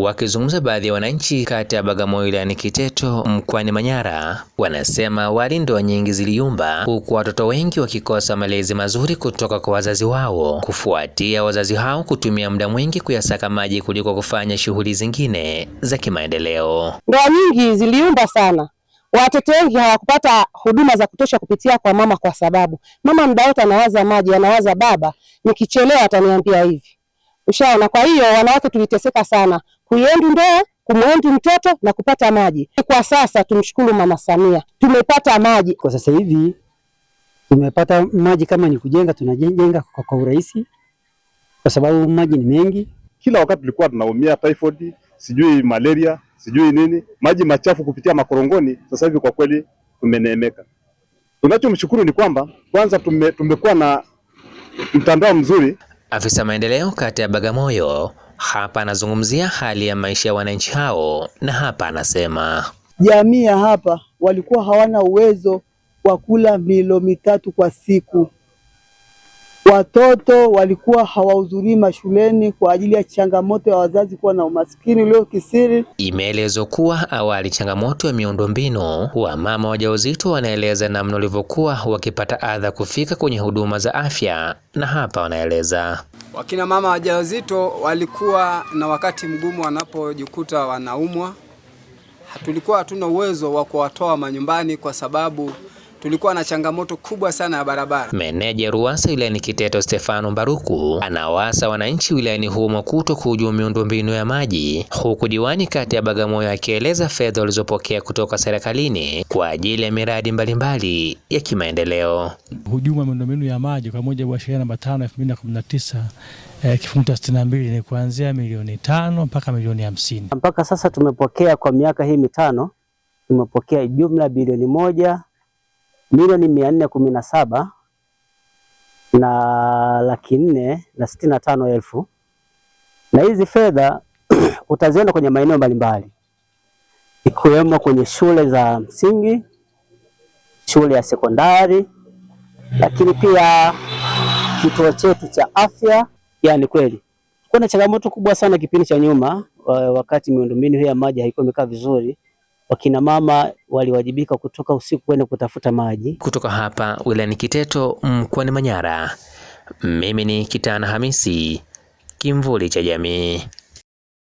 Wakizungumza baadhi ya wananchi kata ya Bagamoyo wilayani Kiteto mkoani Manyara wanasema wali ndoa nyingi ziliyumba, huku watoto wengi wakikosa malezi mazuri kutoka kwa wazazi wao, kufuatia wazazi hao kutumia muda mwingi kuyasaka maji kuliko kufanya shughuli zingine za kimaendeleo. Ndoa nyingi ziliyumba sana, watoto wengi hawakupata huduma za kutosha kupitia kwa mama, kwa sababu mama muda wote anawaza maji, anawaza baba, nikichelewa ataniambia hivi, ushaona. Kwa hiyo wanawake tuliteseka sana kuiendi ndoo kumwendi mtoto na kupata maji. Kwa sasa tumshukuru Mama Samia, tumepata maji kwa sasa hivi, tumepata maji. Kama ni kujenga, tunajenga kwa, kwa urahisi kwa sababu maji ni mengi. Kila wakati tulikuwa tunaumia typhoid, sijui malaria, sijui nini, maji machafu kupitia makorongoni. Sasa hivi kwa kweli tumeneemeka. Tunachomshukuru ni kwamba kwanza tume, tumekuwa na mtandao mzuri. Afisa maendeleo kata ya Bagamoyo hapa anazungumzia hali ya maisha ya wananchi hao, na hapa anasema jamii ya hapa walikuwa hawana uwezo wa kula milo mitatu kwa siku. Watoto walikuwa hawahudhurii mashuleni kwa ajili ya changamoto ya wazazi kuwa na umaskini uliokisiri. Imeelezwa kuwa awali changamoto ya miundombinu, wamama wajawazito wanaeleza namna walivyokuwa wakipata adha kufika kwenye huduma za afya, na hapa wanaeleza Wakina mama wajawazito walikuwa na wakati mgumu wanapojikuta wanaumwa. Tulikuwa hatuna uwezo wa kuwatoa manyumbani kwa sababu tulikuwa na changamoto kubwa sana ya barabara. Meneja RUWASA wilayani Kiteto Stefano Mbaruku anawaasa wananchi wilayani humo kuto kuhujumu miundombinu ya maji, huku diwani kati ya Bagamoyo akieleza fedha walizopokea kutoka serikalini kwa ajili ya miradi mbalimbali mbali ya kimaendeleo. Hujuma miundombinu ya maji kwa mujibu wa sheria namba 5 2019 eh, kifungu cha 62 ni kuanzia milioni tano mpaka milioni hamsini. Mpaka sasa tumepokea kwa miaka hii mitano tumepokea jumla bilioni moja milioni mia nne kumi na saba na laki nne na sitini na tano elfu na hizi fedha utaziona kwenye maeneo mbalimbali ikiwemo kwenye shule za msingi, shule ya sekondari, lakini pia kituo chetu cha afya. Yani kweli kuna changamoto kubwa sana kipindi cha nyuma, wakati miundombinu hii ya maji haikuwa imekaa vizuri wakina mama waliwajibika kutoka usiku kwenda kutafuta maji. Kutoka hapa wilayani Kiteto mkoani Manyara, mimi ni Kitana Hamisi, kimvuli cha jamii.